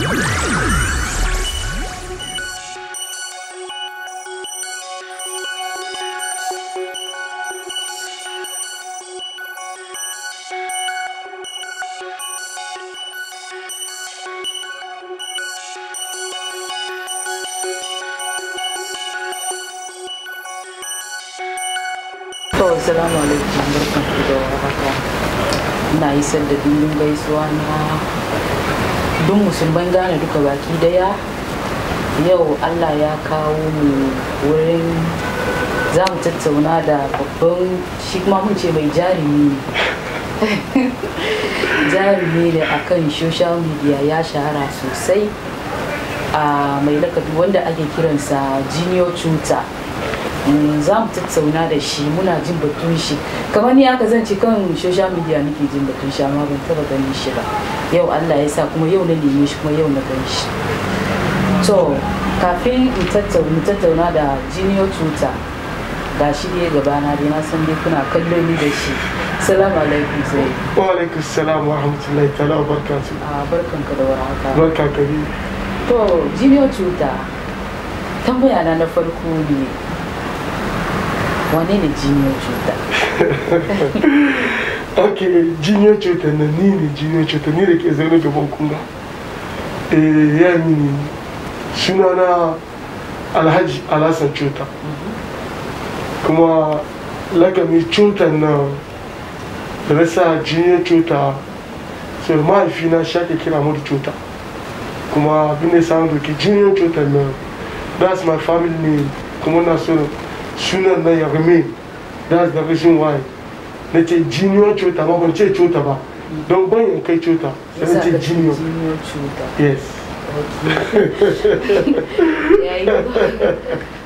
Yeah. assalamu alaikum barkan ina isar da dubin gaisuwa na duk musulman gane duka baki daya yau allah ya kawo mu wurin za mu tattauna da babban shi kuma mun ce mai jarumi jarumi da akan social media ya shahara sosai a ah, mai lakabi wanda ake kiransa junior tutor Eh, za mu tattauna da shi muna jin batun shi kamar ni aka zance kan social media nake jin batun shi amma ban taba ganin shi ba yau Allah ya sa kuma yau na neme shi kuma yau na gan shi to kafin mu tattauna da junior tuta ga shi ne gaba na dai na san dai kuna kallo ni da shi assalamu alaikum sai wa alaikum salam wa rahmatullahi ta'ala wa barakatuh ah, barkan ka da warhaka barka kabi to junior tuta tambaya na na farko ne wane ne jiniyo cuta ok jiniyo cuta na ni ne jiniyo cuta ni da ke zaune gaban kunga eh ya ni ne suna na alhaji alhassan cuta kuma lakami cutan na da na sa jiniyo cuta sai mahaifina shake kira mu da cuta kuma abin da ya samu doki jiniyo cutan na that's my family name kuma na so sunan nan ya remain that's the reason why na ce junior cuta ba ban ce cuta ba don ban in kai cuta da na ce junior yes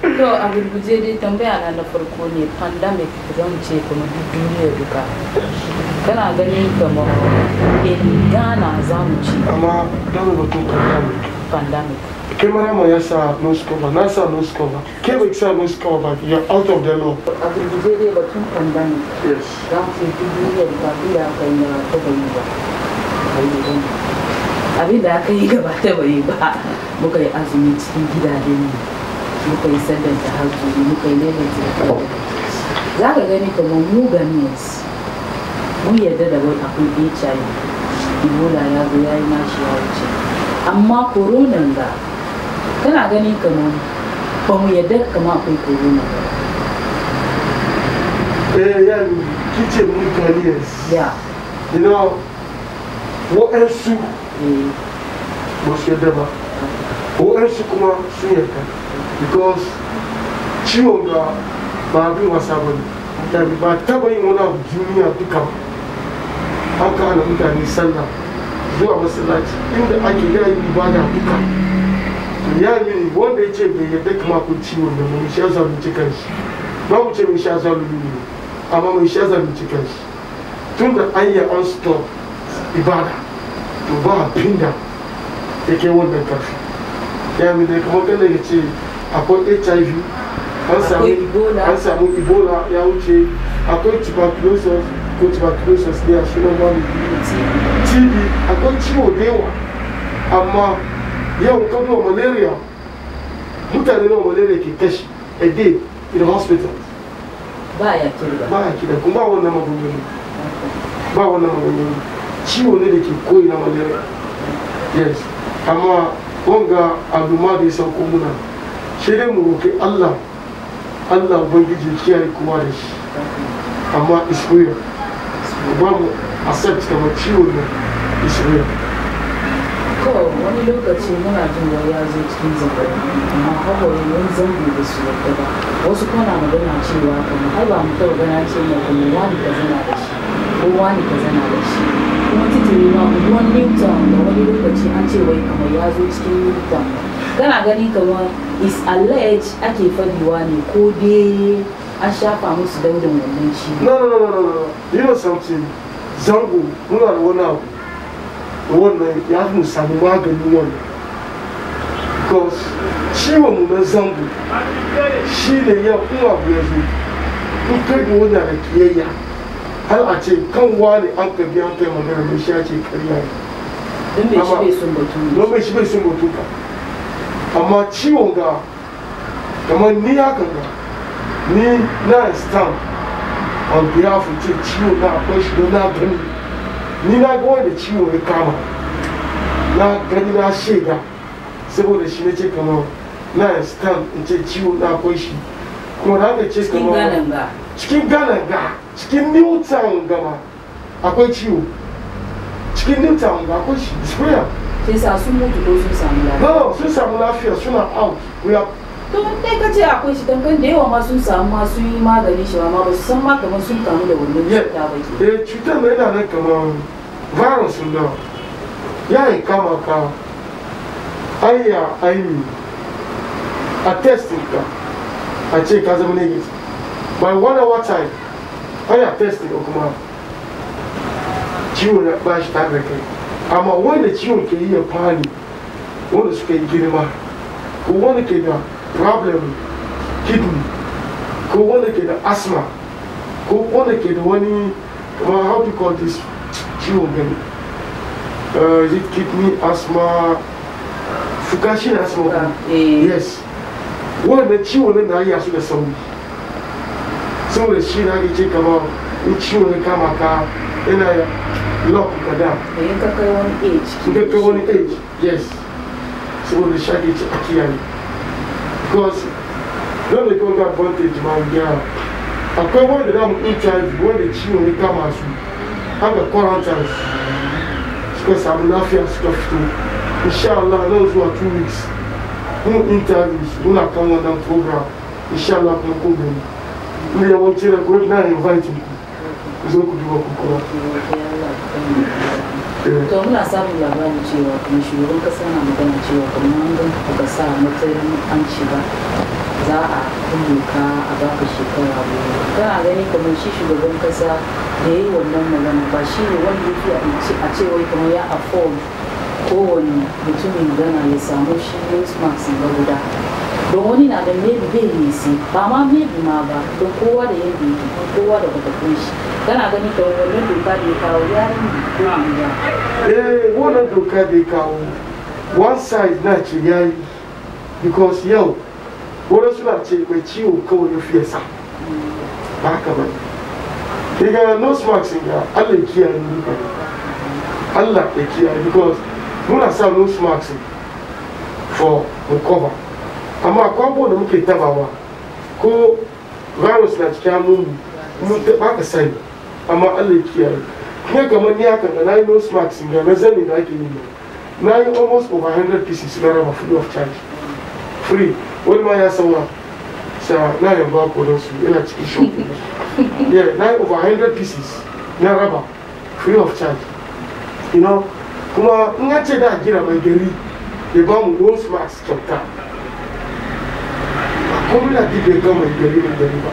to a gurguje dai tambaya na na farko ne pandemic zan ce kuma duk duniya duka kana ganin kamar in ghana za mu ci amma don batun pandemic Ke maramo ya sa nuskova, na sa nuskova, ke bai e sa nuskova, you are out of the law. A Brigadier batun kwanda ne. Yes. Za su yi duniyar ba biya kai na taba yi ba. Abin da aka yi gaba taba yi ba, muka yi azumi cikin gidajen mu. Muka yi sallar da hajji, muka yi lalata da kawai. Za ka gani kamar mu ganiyarsu. mun yarda da wai akwai hiv ebola ya zo ya yi nashi ya wuce amma koronan da kana gani kamar ba mu yadda kama akwai corona ba eh ya kice mutane ya you know wo eh. ba su yadda ba su kuma sun yadda because ciwon ga ba abin wasa ba ne ba taba yin wani abu duniya duka haka ana mutane sallah zuwa masallaci inda ake yayin ibada duka ya mini wanda ya ce bai yadda kuma kun ciwon da mu shi ya zalunci kanshi ba mu ce mai sha zalunci ne amma mai sha zalunci kanshi tun da an yi an stop ibada to ba abin ya kai wannan karfi ya mi dai kuma kan daga ce akwai hiv an samu ebola ya wuce akwai tuberculosis ko tuberculosis ne a sunan wani tb akwai ciwo da yawa amma yau ka duba malaria mutane nawa malaria ke kashi a day in hospital ba ya kira ba ya kira kuma ba wannan magungunan ba wannan magungunan ciwo ne da ke koyi na malaria yes amma wanga aluma da ya sauko muna shi dai mu roƙi Allah Allah ubangiji kiyaye kuma da shi amma is ba mu accept kamar ciwo ne is to wani lokaci muna jin wani ya zo cikin zangare amma kawai wani da su yadda ba wasu kuma magana cewa kamar ai ba mu gana ce wani ka zana da shi ko wani ka zana da shi kuma titiri ma newton da wani lokaci an ce wai kamar ya zo cikin newton kana gani kamar is alleged ake fadiwa ne ko dai an shafa musu daudin wannan ciwo. no no no no no you know something zango muna da wani abu wannan ya fi samu maganin wannan because ciwon mu na zambu shi ne ya in abu ya zo in karbi wannan da kiyayya har a ce kan wani an kabi an kai magana mai shi ya ce karya ne don bai shi bai sun batu ka amma ciwon ga kamar ni ya kan ni na stand on behalf of ce ciwon na akwai shi don na gani ni na ga wanda ciwo ya kama na gani na shaida saboda shi na ce kama na stand in ce ciwo na kwai shi kuma na ce kama cikin ganan ga cikin newton gama akwai ciwo cikin newton ga akwai shi square sai sa sun mutu ko sun samu lafiya no sun samu lafiya suna out we are to dai ka ce akwai shi dan kan da yawa ma sun samu ma sun yi magani shi ma ba su san ma kamar sun kamu da wannan cuta ba ke eh cutar mai yana nan kamar virus na yayi kama ka ayya aini a testing ka a ce ka zama negative by one hour time ana testing ko kuma ciwon ba shi tare da kai amma wanda ciwon ke yi ya fani wanda suka yi girma ko wanda ke da problem kidney ko wanda ke da asthma ko wanda ke da wani how to call this kill him. Uh, it give me asthma. Fukashi asthma. Yes. One the chill and I asked the song. So the she na get come out. The chill and come out. And I lock it down. You can one age. Yes. So the shaggy chicken. Because don't they go advantage, man. Yeah. I come when they have HIV, when the chill and come out. haka quarantine suka samu lafiya suka fito insha Allah nan zuwa two weeks mun interviews muna kan wannan program insha Allah kuma kun gani mu yawanci group na invite ku zo ku ku eh. to muna samun labarin cewa kasa na magana cewa kuma an ganka ka sa an ci za a kunnuka a baka shekara goma kana gani kamar shi shugaban kasa da yi wannan magana ba shi ne wanda yake a ce wai kamar ya afford kowane mutumin gana ya samu shi nose mask na guda don wani na da maybe bai nisi ba ma maybe ma ba don kowa da yin biki kowa da bata shi kana gani kamar wannan doka da ya kawo ya rinni ko ya eh wannan doka da ya kawo one side na ce yi because yau wani suna ce mai ciwo kawai ya fiye sa ba ka ba ne ga nose mask ya allah kiyaye ni ba allah ya kiyaye because muna sa nose mark sun for the cover amma kwambo da muke tabawa ko virus na cikin hannun mu ba ka sani amma allah ya kiyaye kuma kamar ni haka da na yi nose mark sun ga na zane da ake yi na yi almost over 100 pieces na rama free of charge free wani ma ya saura sa na yin ba kodon su yana cikin shop yeah na yi over hundred pieces na raba free of charge you know kuma in ya ce da gina mai gari ya ba mu wolf max kyauta ba kuma na duk ga mai gari mai gari ba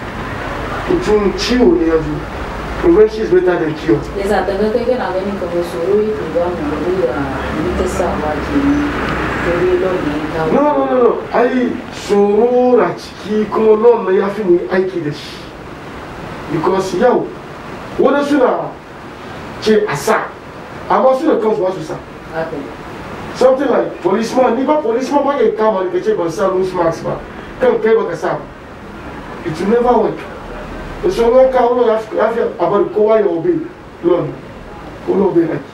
mutum ciwo ne ya zo prevention is better than cure ya sa daga kai kana ganin kamar tsoro yake ba mu da ta sa ba ke no no no no ai tsoro a ciki kuma lon na ya fi mu aiki da shi because yau wani suna ce a sa amma suna kansu ba su sa something like policeman ni ba policeman ba ke kama ka ce ban sa loose mask ba kan kai baka sa ba it never work so wọn ka wọn lafiya abar kowa ya obe lon wọn obe aiki